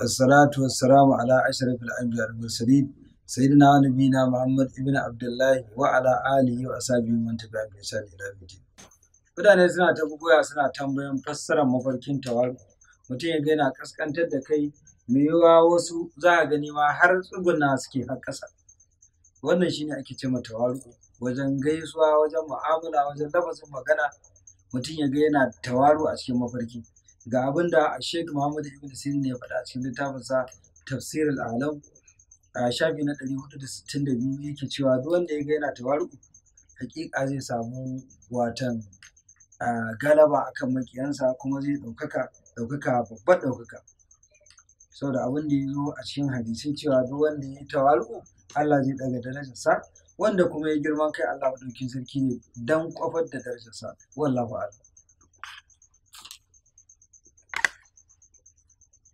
assalatu wassalamu ala ashrafil anbiya wal mursalin sayyidina wa nabiyina muhammad ibn abdullahi wa ala alihi wa ashabihi man tabi'a bi ihsan ila yawmiddin mutane suna ta bugoya suna tambayan fassarar mafarkin tawaru mutum ya ga yana kaskantar da kai me yawa wasu za a gani ma har tsuguna suke har ƙasa wannan shine ake ce mata tawaru wajen gaisuwa wajen mu'amala wajen lafazin magana mutum ya ga yana tawaru a cikin mafarki ga abin da Sheikh Muhammad Ibn Sirin ya faɗa a cikin sa Tafsir al-Alam a shafi na 462 yake cewa duk wanda ya ga yana tawaruku hakika zai samu watan galaba akan makiyansa kuma zai ɗaukaka ɗaukaka babbar ɗaukaka saboda abin da ya zo a cikin hadisi cewa duk wanda ya yi tawaruku Allah zai ɗaga darajarsa wanda kuma ya girman kai Allah maɗaukin sarki ne don kwafar da darajarsa wallahu a'lam